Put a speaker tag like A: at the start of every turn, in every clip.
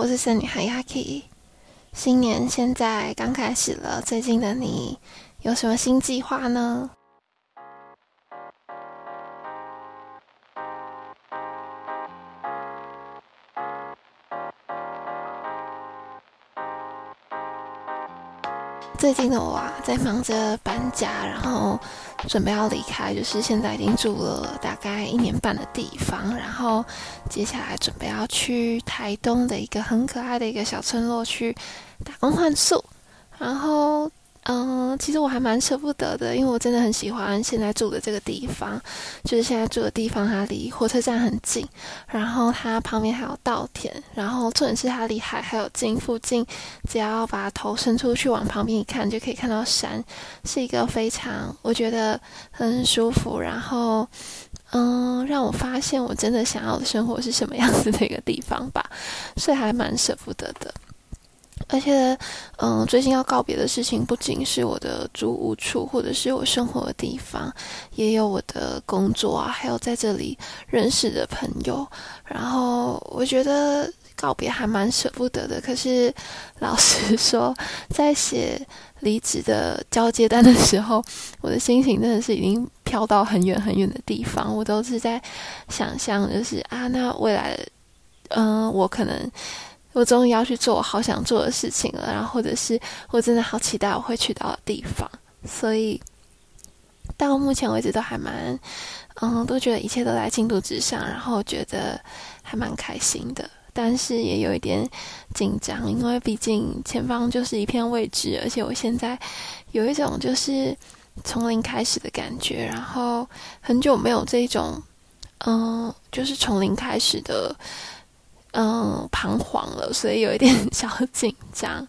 A: 我是森女孩 Yaki，新年現在剛開始了，最近的你有什麼新計劃呢？最近的我啊，在忙着搬家，然後準備要離開，就是現在已經住了大概一年半的地方，然後接下來準備要去台東的一個很可愛的一個小村落去打工換宿，然後。嗯，其實我還蠻捨不得的，因為我真的很喜歡現在住的這個地方。就是現在住的地方，它離火車站很近，然後它旁邊還有稻田，然後重點是它離海還有近，附近只要把頭伸出去往旁邊一看就可以看到山，是一個非常我覺得很舒服，然後嗯，讓我發現我真的想要的生活是什麼樣子的一個地方吧，所以還蠻捨不得的。而且，嗯，最近要告別的事情不僅是我的租屋處，或者是我生活的地方，也有我的工作啊，還有在這裡認識的朋友。然後我覺得告別還蠻舍不得的。可是，老實說，在寫離職的交接單的時候，我的心情真的是已經飄到很遠很遠的地方。我都是在想象，就是啊，那未來，嗯，我可能。我終於要去做我好想做的事情了，然後或者是我真的好期待我會去到的地方，所以到目前為止都還蠻，嗯，都覺得一切都在進度之上，然後覺得還蠻開心的，但是也有一點緊張，因為畢竟前方就是一片未知，而且我現在有一種就是從零開始的感覺，然後很久沒有這種，嗯，就是從零開始的。嗯，彷徨了，所以有一點小緊張。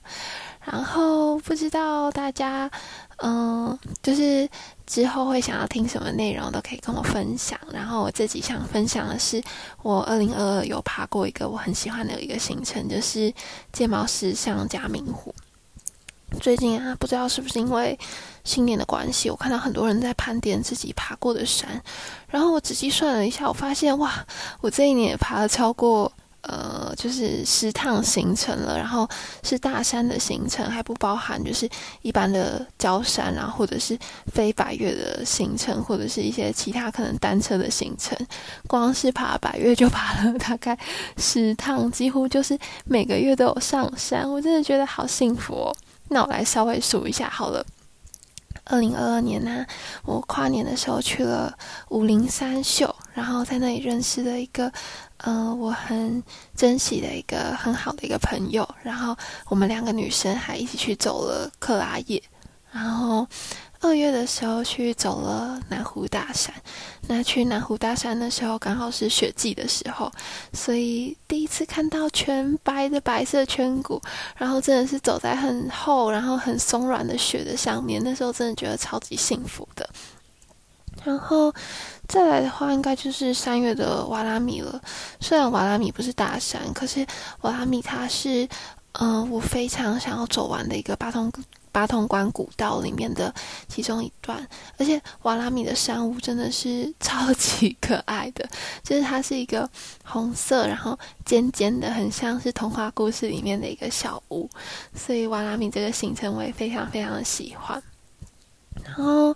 A: 然後不知道大家，嗯，就是之後會想要聽什麼內容，都可以跟我分享。然後我自己想分享的是，我二零二二有爬過一個我很喜歡的一個行程，就是戒茂斯上嘉明湖。最近啊，不知道是不是因為新年的關係，我看到很多人在盤點自己爬過的山。然後我仔細算了一下，我發現哇，我這一年也爬了超過。呃，就是十趟行程了，然後是大山的行程還不包含，就是一般的郊山，啊，然後或者是非百岳的行程，或者是一些其他可能單車的行程。光是爬百岳就爬了大概十趟，幾乎就是每個月都有上山。我真的覺得好幸福哦。那我來稍微數一下好了。二零二二年呢、啊，我跨年的時候去了武陵三秀，然後在那裡認識了一個，嗯、呃，我很珍惜的一個很好的一個朋友，然後我們兩個女生還一起去走了喀拉業，然後。二月的時候去走了南湖大山，那去南湖大山的時候剛好是雪季的時候，所以第一次看到全白的白色圈谷，然後真的是走在很厚然後很鬆軟的雪的上面，那時候真的覺得超級幸福的。然後再來的話，應該就是三月的瓦拉米了。雖然瓦拉米不是大山，可是瓦拉米它是，嗯、呃，我非常想要走完的一個八通。八通關古道裡面的其中一段，而且瓦拉米的山屋真的是超級可愛的，就是它是一個紅色，然後尖尖的，很像是童話故事裡面的一個小屋，所以瓦拉米這個行程我也非常非常的喜歡。然後，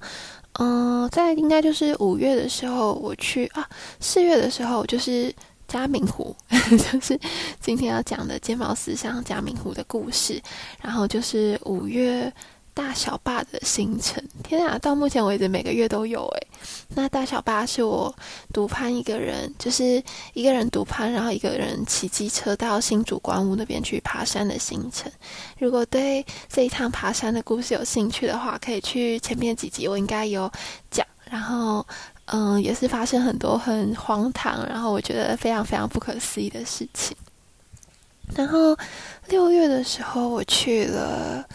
A: 嗯，在應該就是五月的時候我去啊，四月的時候我就是，嘉明湖呵呵，就是今天要講的金毛思鄉嘉明湖的故事。然後就是五月大小霸的行程。天啊，到目前為止每個月都有誒。那大小霸是我獨攀一個人，就是一個人獨攀，然後一個人騎機車到新竹觀霧那邊去爬山的行程。如果對這一趟爬山的故事有興趣的話，可以去前面幾集我應該有講。然後。嗯，也是發生很多很荒唐，然後我覺得非常非常不可思議的事情。然後六月的時候，我去了，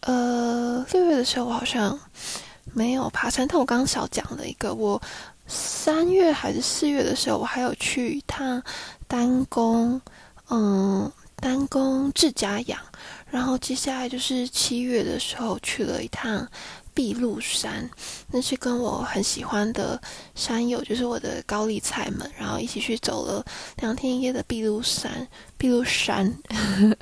A: 呃，六月的時候我好像沒有爬山，但我剛剛少講了一個，我三月還是四月的時候，我還有去一趟單攻，嗯，單攻志佳陽。然後接下來就是七月的時候去了一趟。碧露山，那是跟我很喜歡的山友，就是我的高麗菜們，然後一起去走了兩天一夜的碧露山。碧露山，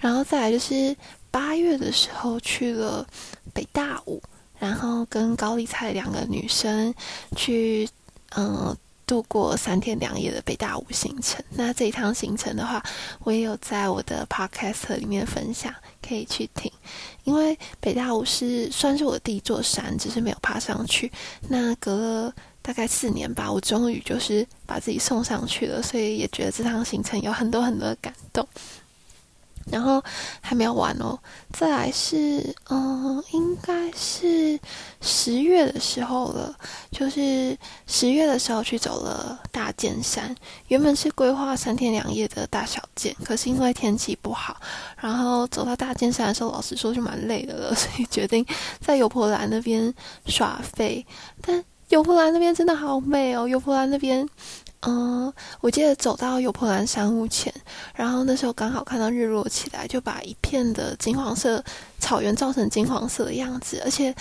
A: 然後再來就是八月的時候去了北大武，然後跟高麗菜兩個女生去，嗯。度過三天兩夜的北大武行程，那這一趟行程的話，我也有在我的 podcast 裡面分享，可以去聽。因為北大武是算是我的第一座山，只是沒有爬上去。那隔了大概四年吧，我終於就是把自己送上去了，所以也覺得這趟行程有很多很多的感動。然後還沒有完哦，再來是嗯，應該是十月的時候了，就是十月的時候去走了大劍山。原本是規劃三天兩夜的大小劍，可是因為天氣不好，然後走到大劍山的時候，老實說就蠻累的了，所以決定在油婆蘭那邊耍廢。但油婆蘭那邊真的好美哦，油婆蘭那邊。嗯，我記得走到油婆蘭山屋前，然後那時候剛好看到日落起來，就把一片的金黃色草原照成金黃色的樣子。而且，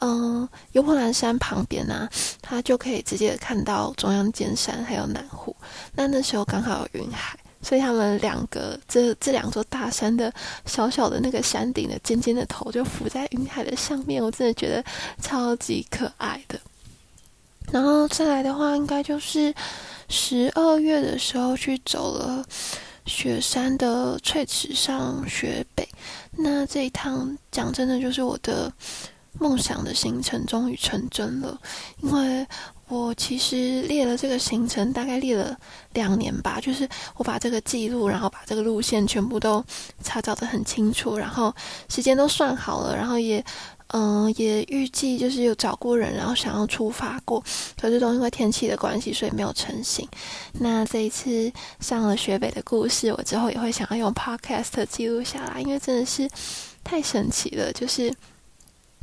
A: 嗯，油婆蘭山旁邊啊，它就可以直接看到中央尖山還有南湖。那那時候剛好有雲海，所以他們兩個這這兩座大山的小小的那個山頂的尖尖的頭就浮在雲海的上面，我真的覺得超級可愛的。然後再來的話，應該就是十二月的時候去走了雪山的翠池上雪北。那這一趟講真的，就是我的夢想的行程終於成真了。因為我其實列了這個行程，大概列了兩年吧，就是我把這個記錄，然後把這個路線全部都查找得很清楚，然後時間都算好了，然後也。嗯，也預計就是有找過人，然後想要出發過，可是都因為天氣的關係，所以沒有成行。那這一次上了雪北的故事，我之後也會想要用 podcast 記錄下來，因為真的是太神奇了。就是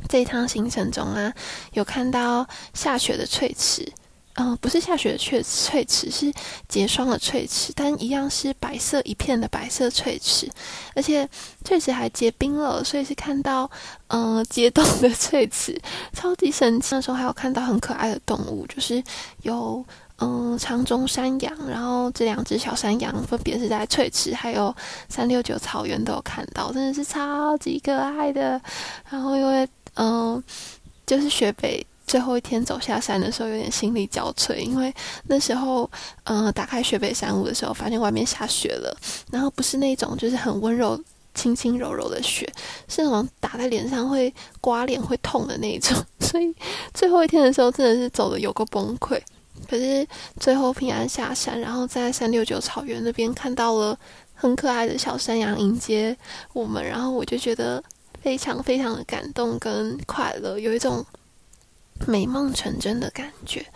A: 這一趟行程中啊，有看到下雪的翠池。嗯、呃，不是下雪的翠翠池，是結霜的翠池，但一樣是白色一片的白色翠池，而且翠池還結冰了，所以是看到嗯、呃、結凍的翠池，超級神奇。那時候還有看到很可愛的動物，就是有嗯、呃、長鬃山羊，然後這兩只小山羊分別是在翠池還有三六九草原都有看到，真的是超級可愛的。然後因為嗯、呃、就是雪北。最後一天走下山的時候，有點心力交瘁，因為那時候，嗯、呃，打開雪北山屋的時候，發現外面下雪了，然後不是那種，就是很溫柔、輕輕柔柔的雪，是那種打在臉上會刮臉、會痛的那一種。所以最後一天的時候，真的是走得有夠崩潰。可是最後平安下山，然後在三六九草原那邊看到了很可愛的小山羊迎接我們，然後我就覺得非常非常的感動跟快樂，有一種。美夢成真的感覺。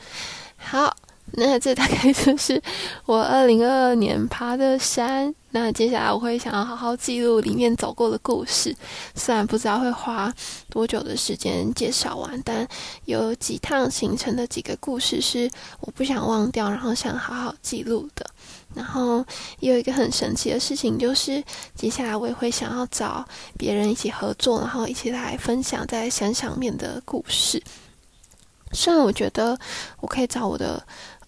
A: 好，那這大概就是我二零二二年爬的山。那接下來我會想要好好記錄裡面走過的故事。雖然不知道會花多久的時間介紹完，但有幾趟行程的幾個故事是我不想忘掉，然後想好好記錄的。然後有一個很神奇的事情，就是接下來我也會想要找別人一起合作，然後一起來分享在山上面的故事。雖然我覺得我可以找我的，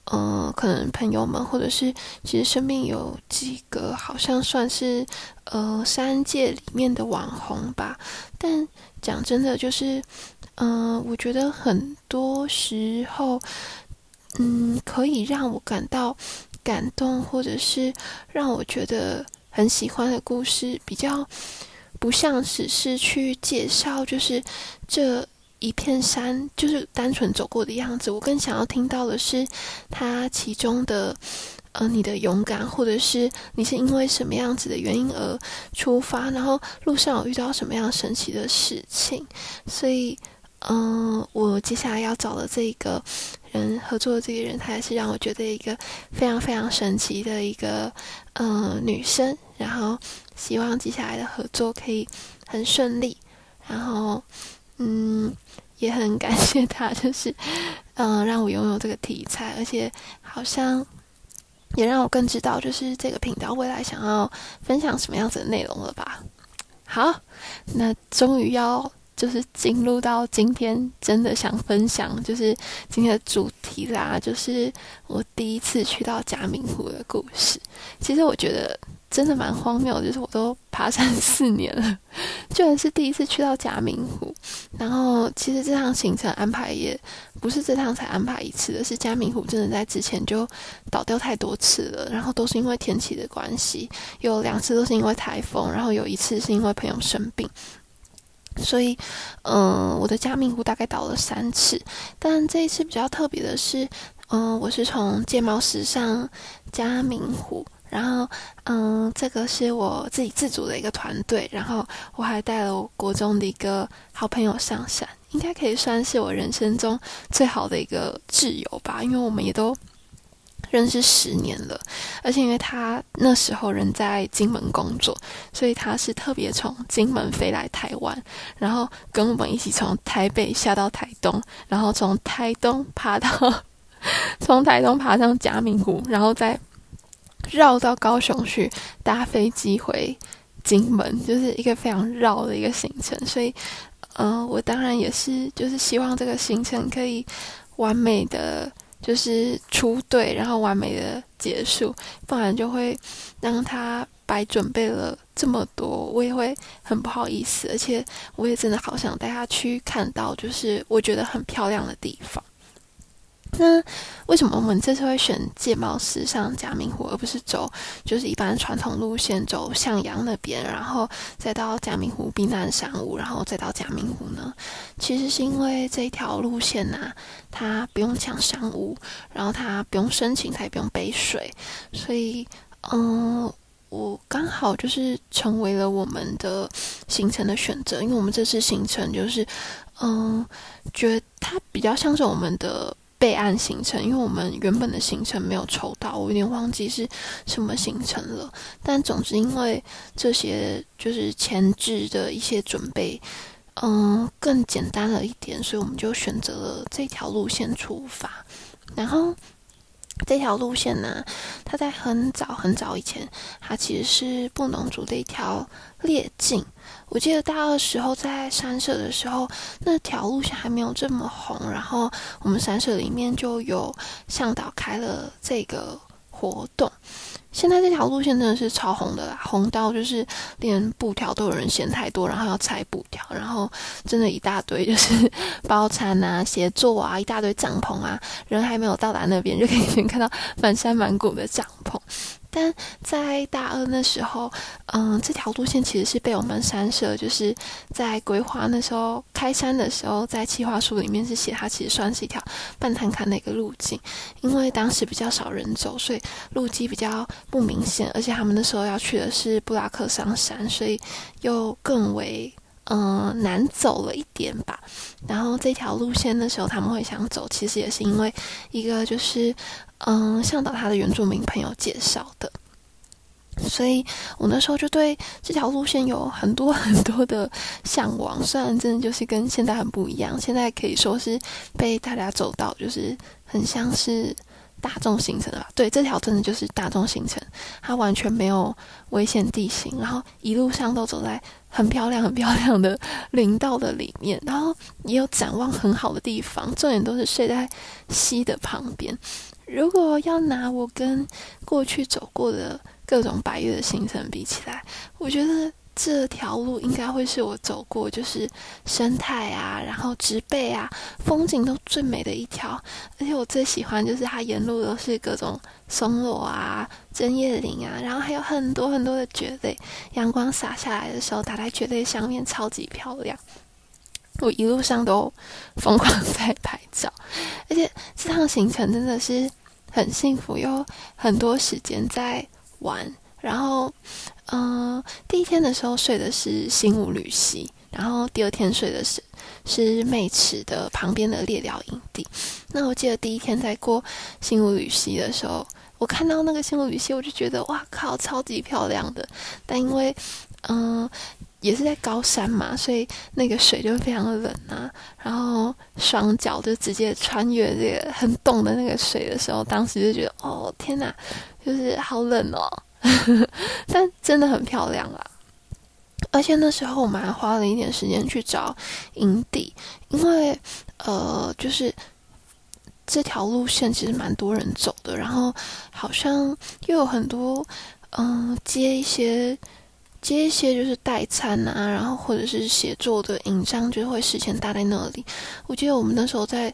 A: 呃，可能朋友們，或者是其實身邊有幾個好像算是，呃，三界裡面的網紅吧。但講真的，就是，嗯，呃，我覺得很多時候，嗯，可以讓我感到感動，或者是讓我覺得很喜歡的故事，比較不像只是去介紹，就是這。一片山，就是單純走過的樣子。我更想要聽到的是，他其中的，呃，你的勇敢，或者是你是因為什麼樣子的原因而出發，然後路上有遇到什麼樣神奇的事情。所以，嗯、呃，我接下來要找的這一個人合作的這個人，她也是讓我覺得一個非常非常神奇的一個，呃，女生。然後，希望接下來的合作可以很順利。然後。嗯，也很感謝他，就是嗯，讓我擁有這個題材，而且好像也讓我更知道，就是這個頻道未來想要分享什麼樣子的內容了吧。好，那終於要就是進入到今天真的想分享，就是今天的主題啦，就是我第一次去到嘉明湖的故事。其實我覺得。真的蠻荒謬的，就是我都爬山四年了，居然是第一次去到嘉明湖。然後其實這趟行程安排也不是這趟才安排一次的，是嘉明湖真的在之前就倒掉太多次了。然後都是因為天氣的關係，有兩次都是因為台風，然後有一次是因為朋友生病。所以，嗯、呃，我的嘉明湖大概倒了三次，但這一次比較特別的是，嗯、呃，我是從戒茂斯上嘉明湖。然後，嗯，這個是我自己自組的一個團隊。然後我還帶了我國中的一個好朋友上山，應該可以算是我人生中最好的一個摯友吧，因為我們也都認識十年了。而且因為他那時候人在金門工作，所以他是特別從金門飛來台灣，然後跟我們一起從台北下到台東，然後從台東爬到，從台東爬上嘉明湖，然後再。繞到高雄去搭飛機回金門，就是一個非常繞的一個行程。所以，嗯、呃、我當然也是，就是希望這個行程可以完美的就是出隊，然後完美的結束。不然就會讓他白準備了這麼多，我也會很不好意思。而且，我也真的好想帶他去看到，就是我覺得很漂亮的地方。那為什麼我們這次會選戒茂斯上嘉明湖，而不是走就是一般傳統路線走向陽那邊，然後再到嘉明湖避難山屋，然後再到嘉明湖呢？其實是因為這一條路線吶、啊，它不用搶山屋，然後它不用申請，它也不用背水，所以嗯，我剛好就是成為了我們的行程的選擇，因為我們這次行程就是嗯，覺得它比較像是我們的。備案行程，因為我們原本的行程沒有抽到，我有點忘記是什麼行程了。但總之，因為這些就是前置的一些準備，嗯，更簡單了一點，所以我們就選擇了這條路線出發，然後。這條路線呢，它在很早很早以前，它其實是布農族的一條獵徑。我記得大二時候在山社的時候，那條路線還沒有這麼紅，然後我們山社裡面就有向導開了這個。活動，現在這條路線真的是超紅的啦，紅到就是連布條都有人嫌太多，然後要拆布條，然後真的一大堆就是包餐啊、協作啊，一大堆帳篷啊，人還沒有到達那邊就可以看到滿山滿谷的帳篷。但在大二那時候，嗯，這條路線其實是被我們山社，就是在規劃那時候開山的時候，在計劃書裡面是寫它其實算是一條半探勘的一個路徑，因為當時比較少人走，所以路基比較不明顯，而且他們那時候要去的是布拉克桑山，所以又更為嗯，難走了一點吧。然後這條路線那時候，他們會想走，其實也是因為一個就是，嗯，向導他的原住民朋友介紹的。所以我那時候就對這條路線有很多很多的向往，雖然真的就是跟現在很不一樣。現在可以說是被大家走到，就是很像是。大眾行程啊，對，這條真的就是大眾行程，它完全沒有危險地形，然後一路上都走在很漂亮、很漂亮的林道的裡面，然後也有展望很好的地方，重點都是睡在溪的旁邊。如果要拿我跟過去走過的各種百岳的行程比起來，我覺得。這條路應該會是我走過，就是生態啊，然後植被啊，風景都最美的一條。而且我最喜歡就是它沿路都是各種松蘿啊、針葉林啊，然後還有很多很多的蕨類。陽光灑下來的時候，打在蕨類上面，超級漂亮。我一路上都瘋狂在拍照，而且這趟行程真的是很幸福，有很多時間在玩，然後。嗯，第一天的時候睡的是新武呂溪，然後第二天睡的是是妹池的旁邊的獵寮營地。那我記得第一天在過新武呂溪的時候，我看到那個新武呂溪，我就覺得哇靠，超級漂亮的。但因為嗯也是在高山嘛，所以那個水就非常的冷啊。然後雙腳就直接穿越這個很凍的那個水的時候，當時就覺得哦天哪、啊，就是好冷哦。 但真的很漂亮啊！而且那時候我們還花了一點時間去找營地，因為呃，就是這條路線其實蠻多人走的，然後好像又有很多嗯、呃、接一些接一些就是代餐啊，然後或者是協作的營帳，就會事前搭在那裡。我覺得我們那時候在。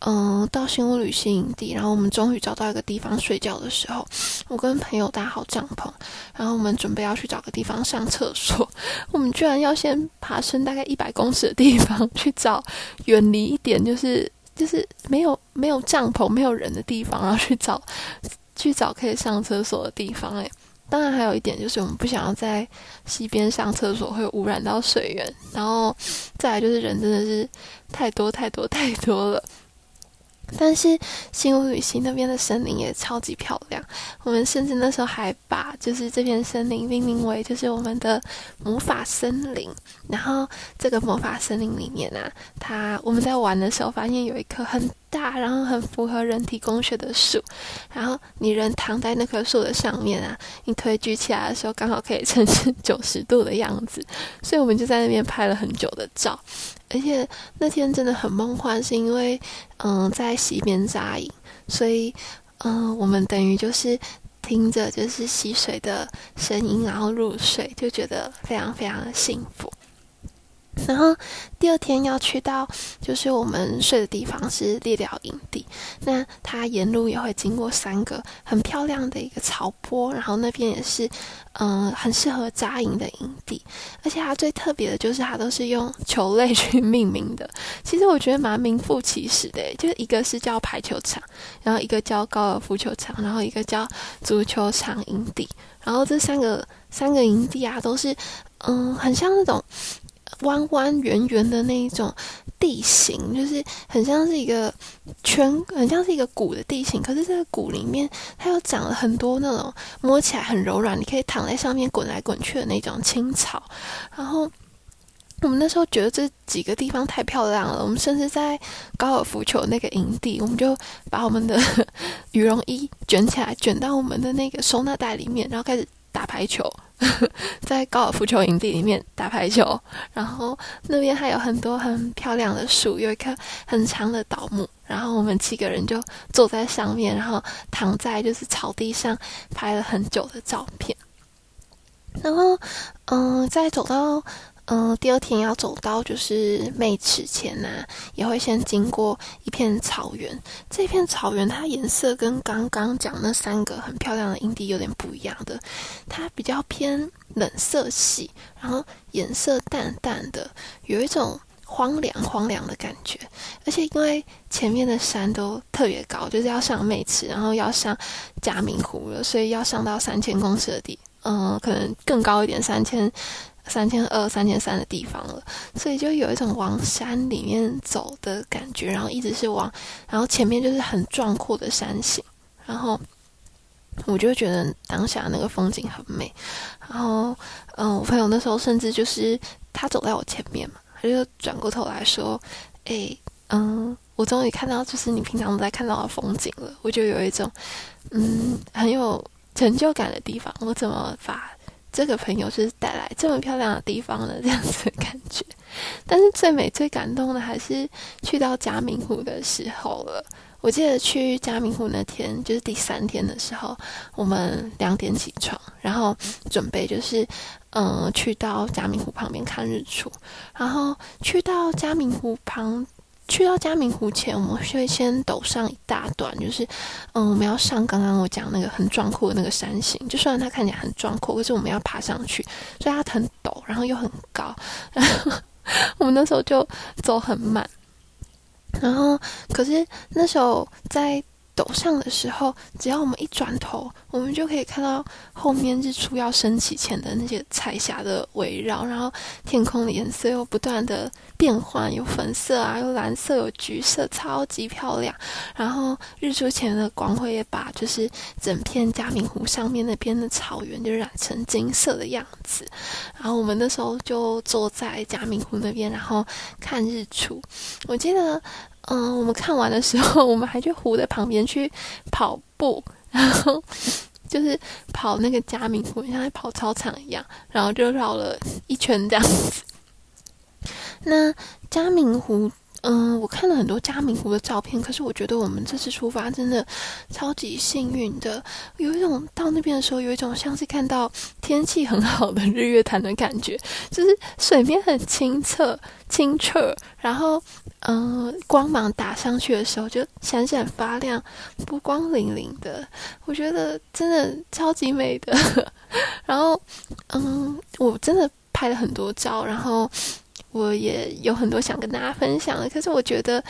A: 嗯，到新屋旅行營地，然後我們終於找到一個地方睡覺的時候，我跟朋友搭好帳篷，然後我們準備要去找個地方上廁所，我們居然要先爬升大概一百公尺的地方去找遠離一點，就是就是沒有沒有帳篷、沒有人的地方，然後去找去找可以上廁所的地方。誒，當然還有一點就是我們不想要在溪邊上廁所會有汙染到水源，然後再來就是人真的是太多太多太多了。但是新屋旅行那邊的森林也超級漂亮，我們甚至那時候還把就是這片森林命名為就是我們的魔法森林。然後這個魔法森林裡面呢、啊，它我們在玩的時候發現有一棵很大，然後很符合人體工學的樹。然後你人躺在那棵樹的上面啊，你腿舉起來的時候剛好可以呈現九十度的樣子，所以我們就在那邊拍了很久的照。而且那天真的很夢幻，是因為嗯在溪邊紮營，所以嗯我們等於就是聽着就是溪水的聲音，然後入睡，就覺得非常非常的幸福。然後第二天要去到，就是我們睡的地方是獵寮營地。那它沿路也會經過三個很漂亮的一個草坡，然後那邊也是，嗯、呃，很適合紮營的營地。而且它最特別的就是它都是用球類去命名的。其實我覺得蠻名副其實的，就是一個是叫排球場，然後一個叫高爾夫球場，然後一個叫足球場營地。然後這三個三個營地啊，都是嗯、呃，很像那種。彎彎圓圓的那一種地形，就是很像是一個圈，很像是一個谷的地形。可是這個谷裡面，它又長了很多那種摸起來很柔軟，你可以躺在上面滾來滾去的那種青草。然後我們那時候覺得這幾個地方太漂亮了，我們甚至在高爾夫球那個營地，我們就把我們的羽絨衣捲起來，捲到我們的那個收納袋裡面，然後開始。打排球，呵呵，在高爾夫球營地裡面打排球，然後那邊還有很多很漂亮的樹，有一棵很長的倒木，然後我們七個人就坐在上面，然後躺在就是草地上拍了很久的照片，然後嗯，再走到。嗯，第二天要走到就是妹池前吶，啊，也會先經過一片草原。這片草原它顏色跟剛剛講那三個很漂亮的營地有點不一樣的，它比較偏冷色系，然後顏色淡淡的，有一種荒涼荒涼的感覺。而且因為前面的山都特別高，就是要上妹池，然後要上嘉明湖了，所以要上到三千公尺的地，嗯，可能更高一點，三千。三千二、三千三的地方了，所以就有一種往山裡面走的感覺，然後一直是往，然後前面就是很壯闊的山形，然後我就覺得當下那個風景很美，然後，嗯，我朋友那時候甚至就是他走在我前面嘛，他就轉過頭來說：“誒，嗯，我終於看到就是你平常都在看到的風景了。”我就有一種，嗯，很有成就感的地方，我怎麼把。這個朋友是帶來這麼漂亮的地方的這樣子的感覺，但是最美最感動的還是去到嘉明湖的時候了。我記得去嘉明湖那天就是第三天的時候，我們兩點起床，然後準備就是嗯、呃、去到嘉明湖旁邊看日出，然後去到嘉明湖旁。去到嘉明湖前，我們需先陡上一大段，就是，嗯，我們要上剛剛我講那個很壯闊的那個山形，就算它看起來很壯闊，可是我們要爬上去，所以它很陡，然後又很高，然後我們那時候就走很慢，然後可是那時候在。陡上的時候，只要我們一轉頭，我們就可以看到後面日出要升起前的那些彩霞的圍繞，然後天空的顏色又不斷的變換，有粉色啊，有藍色，有橘色，超級漂亮。然後日出前的光輝也把就是整片嘉明湖上面那邊的草原就染成金色的樣子。然後我們那時候就坐在嘉明湖那邊，然後看日出。我記得。嗯，我們看完的時候，我們還去湖的旁邊去跑步，然後就是跑那個嘉明湖，像在跑操場一樣，然後就繞了一圈這樣子。那嘉明湖。嗯，我看了很多嘉明湖的照片，可是我覺得我們這次出發真的超級幸運的，有一種到那邊的時候，有一種像是看到天氣很好的日月潭的感覺，就是水面很清澈清澈，然後嗯，光芒打上去的時候就閃閃發亮，波光粼粼的，我覺得真的超級美的。 然後嗯，我真的拍了很多照，然後。我也有很多想跟大家分享的，可是我覺得，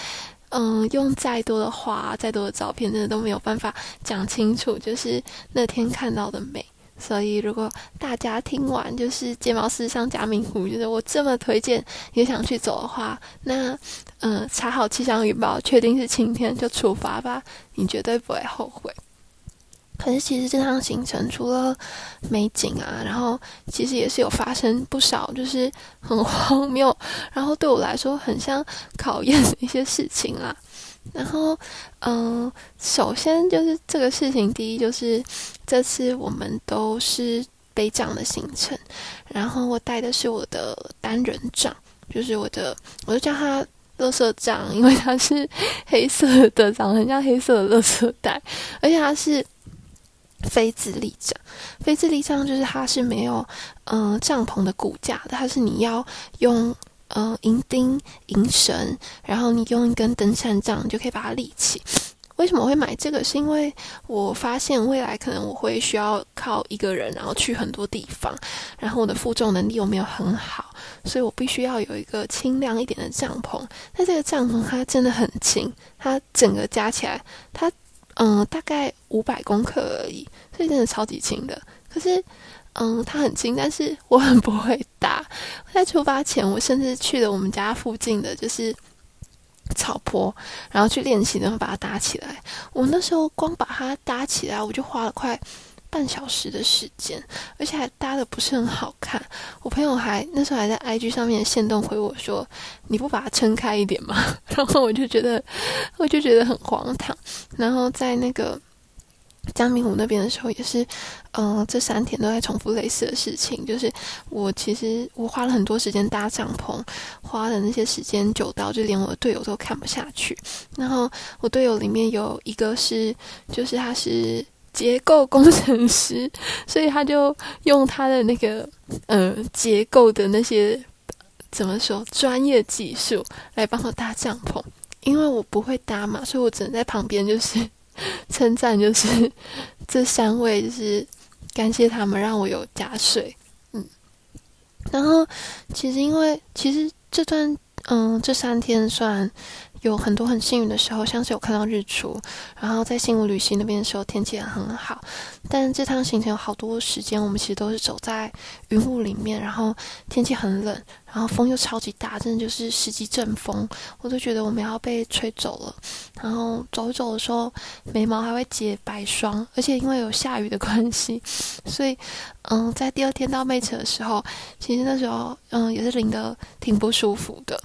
A: 嗯，用再多的話、再多的照片，真的都沒有辦法講清楚，就是那天看到的美。所以，如果大家聽完就是“睫毛師上嘉明湖”，覺得我這麼推薦，也想去走的話，那嗯，查好氣象預報，確定是晴天就出發吧，你絕對不會後悔。可是其實這趟行程除了美景啊，然後其實也是有發生不少，就是很荒謬，然後對我來說很像考驗的一些事情啦，啊。然後，嗯、呃，首先就是這個事情，第一就是這次我們都是背帳的行程，然後我帶的是我的單人帳，就是我的，我就叫它垃圾帳，因為它是黑色的，長得很像黑色的垃圾袋，而且它是。非自立帳，非自立帳就是它是沒有，嗯、呃，帳篷的骨架的，它是你要用，嗯、呃，營釘、營繩，然後你用一根登山杖你就可以把它立起。為什麼我會買這個？是因為我發現未來可能我會需要靠一個人，然後去很多地方，然後我的負重能力又沒有很好，所以我必須要有一個輕量一點的帳篷。但這個帳篷它真的很輕，它整個加起來它，嗯，大概五百公克而已，所以真的超級輕的。可是，嗯，它很輕，但是我很不會搭。在出發前，我甚至去了我們家附近的就是草坡，然後去練習，然後把它搭起來。我那時候光把它搭起來，我就花了快。半小時的時間，而且還搭的不是很好看。我朋友還那時候還在 IG 上面限動回我說：“你不把它撐開一點嗎？”然後我就覺得，我就覺得很荒唐。然後在那個嘉明湖那邊的時候，也是，嗯、呃，這三天都在重複類似的事情。就是我其實我花了很多時間搭帳篷，花的那些時間久到就連我的隊友都看不下去。然後我隊友裡面有一個是，就是他是。結構工程師，所以他就用他的那個嗯、呃、結構的那些怎麼說專業技術來幫我搭帳篷，因為我不會搭嘛，所以我只能在旁邊就是稱讚，就是這三位就是感謝他們讓我有加水，嗯，然後其實因為其實這段嗯這三天算。有很多很幸運的時候，像是有看到日出，然後在新屋旅行那邊的時候天氣也很好。但這趟行程有好多時間，我們其實都是走在雲霧裡面，然後天氣很冷，然後風又超級大，真的就是十級陣風，我都覺得我們要被吹走了。然後走一走的時候，眉毛還會結白霜，而且因為有下雨的關係，所以嗯，在第二天到妹池的時候，其實那時候嗯也是淋得挺不舒服的。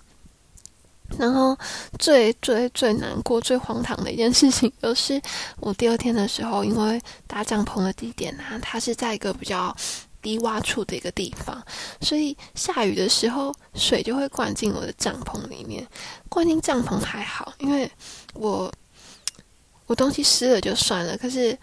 A: 然後最最最難過、最荒唐的一件事情，就是我第二天的時候，因為搭帳篷的地點呢、啊，它是在一個比較低窪處的一個地方，所以下雨的時候，水就會灌進我的帳篷裡面。灌進帳篷還好，因為我我東西濕了就算了，可是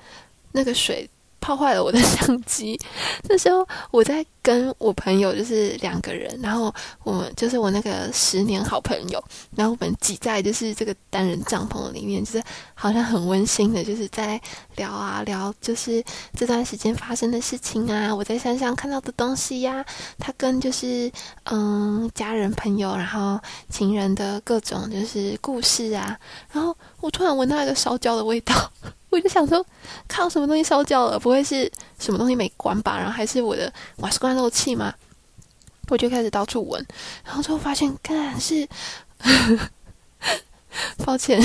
A: 那個水。破壞了我的相機。那時候我在跟我朋友，就是兩個人，然後我們就是我那個十年好朋友，然後我們擠在就是這個單人帳篷裡面，就是好像很溫馨的，就是在聊啊聊，就是這段時間發生的事情啊，我在山上看到的東西呀、啊，他跟就是嗯家人朋友，然後情人的各種就是故事啊，然後我突然聞到一個燒焦的味道。我就想說，靠，什麼東西燒焦了？不會是什麼東西沒關吧？然後還是我的瓦斯罐漏氣嗎？我就開始到處聞，然後最後發現，看是，呵呵，抱歉，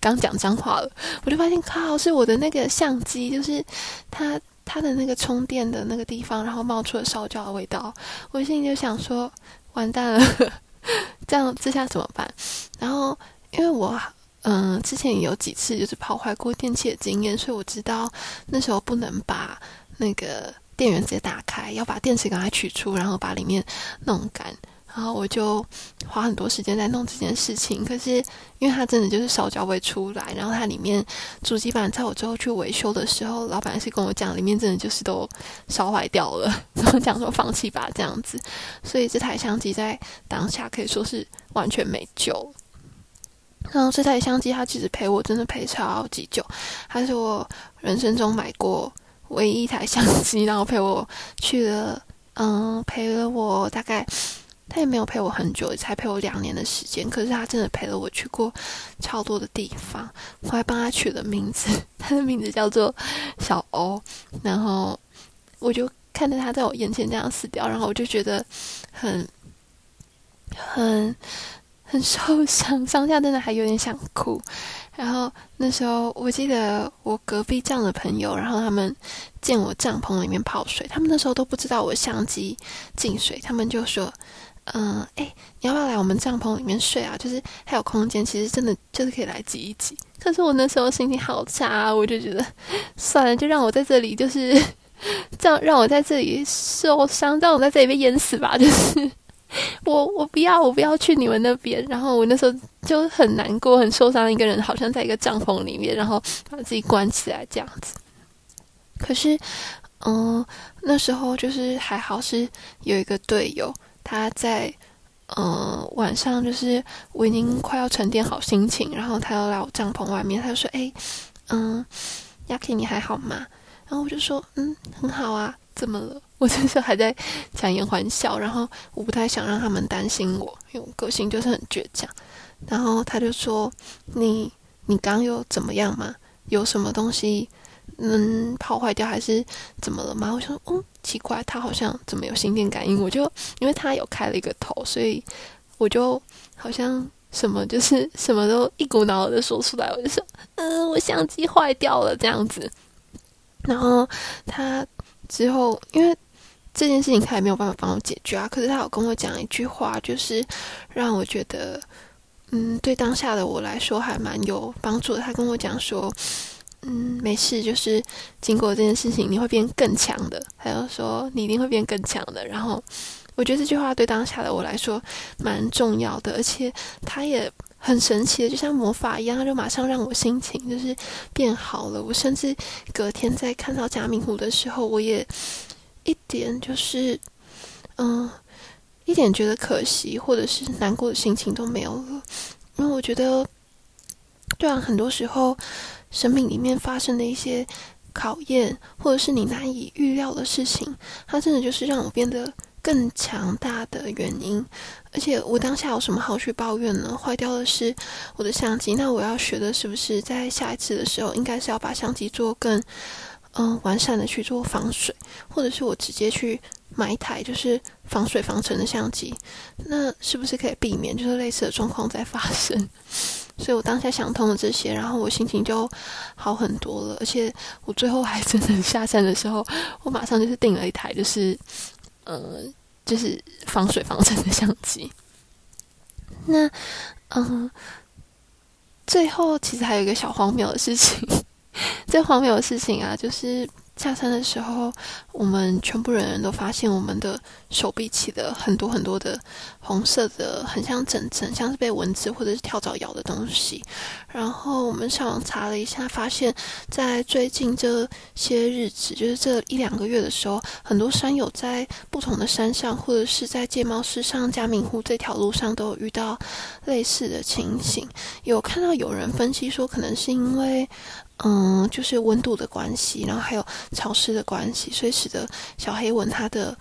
A: 剛講髒話了。我就發現，靠，是我的那個相機，就是它它的那個充電的那個地方，然後冒出了燒焦的味道。我心裡就想說，完蛋了，呵呵，這樣，這下怎麼辦？然後因為我。嗯，之前也有幾次就是泡壞過電器的經驗，所以我知道那時候不能把那個電源直接打開，要把電池給它取出，然後把裡面弄乾。然後我就花很多時間在弄這件事情。可是因為它真的就是燒焦味出來，然後它裡面主機板，在我最後去維修的時候，老闆是跟我講，裡面真的就是都燒壞掉了，怎麼講？說放棄吧，這樣子。所以這台相機在當下可以說是完全沒救。然後這台相機，它其實陪我真的陪超級久，它是我人生中買過唯一一台相機，然後陪我去了，嗯，陪了我大概，他也沒有陪我很久，才陪我兩年的時間。可是他真的陪了我去過超多的地方，我還幫他取了名字，他的名字叫做小歐。然後我就看着他在我眼前這樣死掉，然後我就覺得很，很。很受傷，當下真的還有點想哭。然後那時候我記得我隔壁帳篷的朋友，然後他們見我帳篷裡面泡水，他們那時候都不知道我相機進水，他們就說：“嗯，哎、欸，你要不要來我們帳篷裡面睡啊？就是還有空間，其實真的就是可以來擠一擠。”可是我那時候心情好差，我就覺得算了，就讓我在這裡，就是這樣讓我在這裡受傷，讓我在這裡被淹死吧，就是。我我不要，我不要去你們那邊。然後我那時候就很難過，很受傷。一個人好像在一個帳篷裡面，然後把自己關起來這樣子。可是，嗯，那時候就是還好是有一個隊友，他在嗯晚上就是我已經快要沉澱好心情，然後他又來我帳篷外面，他就說：“哎，嗯，Yaki，你還好嗎？”然後我就說，嗯，很好啊，怎麼了？我就是還在強顏歡笑。然後我不太想讓他們擔心我，因為我個性就是很倔強。然後他就說，你你剛有怎麼樣嗎？有什麼東西能泡壞掉還是怎麼了嗎？我就說，嗯，奇怪，他好像怎麼有心電感應？我就因為他有開了一個頭，所以我就好像什麼就是什麼都一股腦的說出來。我就說，嗯，我相機壞掉了這樣子。然後他之後，因為這件事情，他也沒有辦法幫我解決啊。可是他有跟我講一句話，就是讓我覺得，嗯，對當下的我來說還蠻有幫助的。他跟我講說，嗯，沒事，就是經過這件事情，你會變更強的。還有說你一定會變更強的。然後我覺得這句話對當下的我來說蠻重要的，而且他也。很神奇的，就像魔法一樣，它就馬上讓我心情就是變好了。我甚至隔天在看到嘉明湖的時候，我也一點就是嗯，一點覺得可惜或者是難過的心情都沒有了。因為我覺得，對啊，很多時候生命裡面發生的一些考驗，或者是你難以預料的事情，它真的就是讓我變得。更強大的原因，而且我當下有什麼好去抱怨呢？壞掉的是我的相機，那我要學的是不是在下一次的時候，應該是要把相機做更嗯完善，的去做防水，或者是我直接去買一台就是防水防塵的相機，那是不是可以避免就是類似的狀況再發生？所以我當下想通了這些，然後我心情就好很多了，而且我最後還真的下山的時候，我馬上就是訂了一台就是。嗯，就是防水防塵的相機。那，嗯，最後其實還有一個小荒謬的事情，最荒謬的事情啊，就是。下山的時候，我們全部人，人都發現我們的手臂起了很多很多的紅色的，很像疹疹，像是被蚊子或者是跳蚤咬的東西。然後我們上網查了一下，發現在最近這些日子，就是這一兩個月的時候，很多山友在不同的山上，或者是在戒茂斯上嘉明湖這條路上，都有遇到類似的情形。有看到有人分析說，可能是因為。嗯，就是溫度的關係，然後還有潮濕的關係，所以使得小黑蚊它的，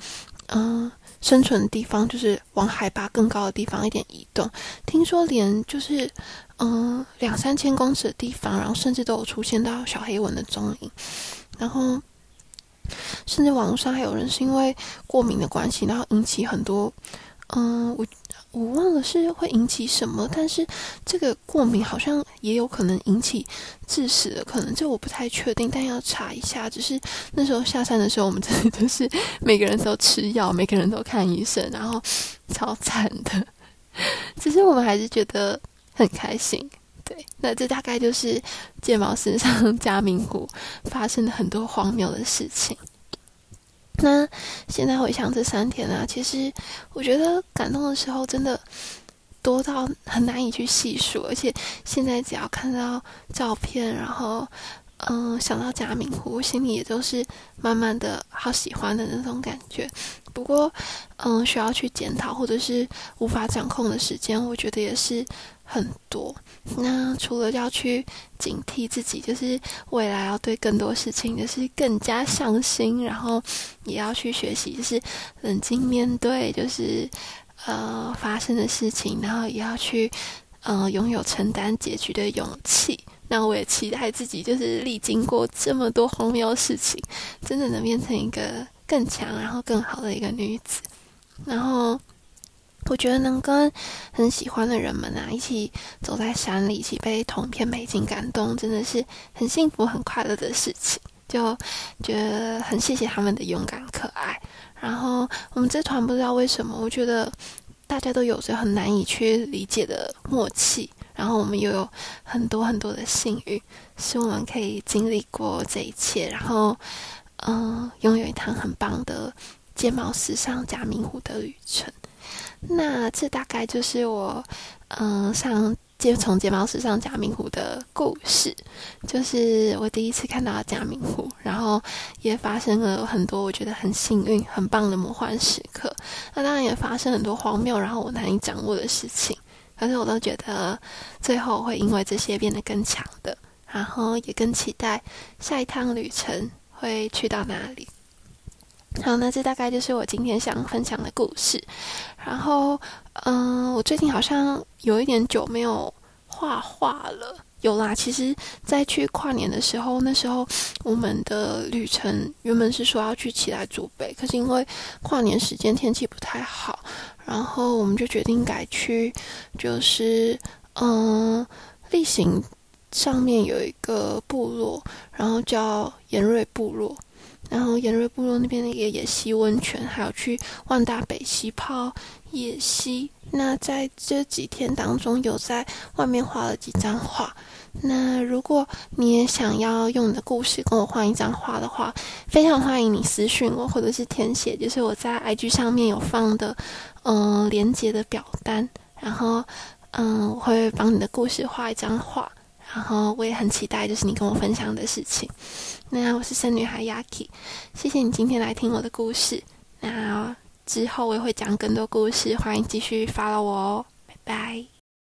A: 嗯，生存的地方就是往海拔更高的地方一點移動。聽說連就是嗯兩三千公尺的地方，然後甚至都有出現到小黑蚊的蹤影。然後，甚至網絡上還有人是因為過敏的關係，然後引起很多嗯我。我忘了是會引起什麼，但是這個過敏好像也有可能引起致死的，可能就我不太確定，但要查一下。就是那時候下山的時候，我們真的就是每個人都吃藥，每個人都看醫生，然後超慘的。只是我們還是覺得很開心，對。那這大概就是戒茂斯上嘉明湖發生了很多荒謬的事情。那現在回想這三天啊，其實我覺得感動的時候真的多到很難以去細數，而且現在只要看到照片，然後嗯想到嘉明湖，心裡也都是滿滿的好喜歡的那種感覺。不過嗯，需要去檢討或者是無法掌控的時間，我覺得也是。很多，那除了要去警惕自己，就是未來要對更多事情就是更加上心，然後也要去學習，就是冷靜面對，就是呃發生的事情，然後也要去呃擁有承擔結局的勇氣。那我也期待自己就是歷經過這麼多荒謬事情，真的能變成一個更強、然後更好的一個女子。然後。我覺得能跟很喜歡的人們啊一起走在山裡，一起被同片美景感動，真的是很幸福、很快樂的事情。就覺得很謝謝他們的勇敢、可愛。然後我們這團不知道為什麼，我覺得大家都有着很難以去理解的默契。然後我們又有很多很多的幸運，是我們可以經歷過這一切。然後，嗯，擁有一趟很棒的戒茂斯上嘉明湖的旅程。那這大概就是我，嗯，上集從戒茂斯上嘉明湖的故事，就是我第一次看到嘉明湖，然後也發生了很多我覺得很幸運、很棒的魔幻時刻。那、啊、當然也發生很多荒謬，然後我難以掌握的事情，可是我都覺得最後會因為這些變得更強的，然後也更期待下一趟旅程會去到哪裡。好，那這大概就是我今天想分享的故事。然後，嗯，我最近好像有一點久沒有畫畫了。有啦，其實在去跨年的時候，那時候我們的旅程原本是說要去奇萊主北，可是因為跨年時間天氣不太好，然後我們就決定改去，就是嗯，例行上面有一個部落，然後叫延瑞部落。然後，鹽瑞部落那邊那個野、野溪溫泉，還有去萬大北溪泡野溪。那在這幾天當中，有在外面畫了幾張畫。那如果你也想要用你的故事跟我畫一張畫的話，非常歡迎你私訊我，或者是填寫，就是我在 IG 上面有放的，嗯，連結的表單。然後，嗯，我會幫你的故事畫一張畫。然後，我也很期待，就是你跟我分享的事情。那我是山女孩 Yaki，謝謝你今天來聽我的故事。那之後我也會講更多故事，歡迎繼續 follow 我哦，拜拜。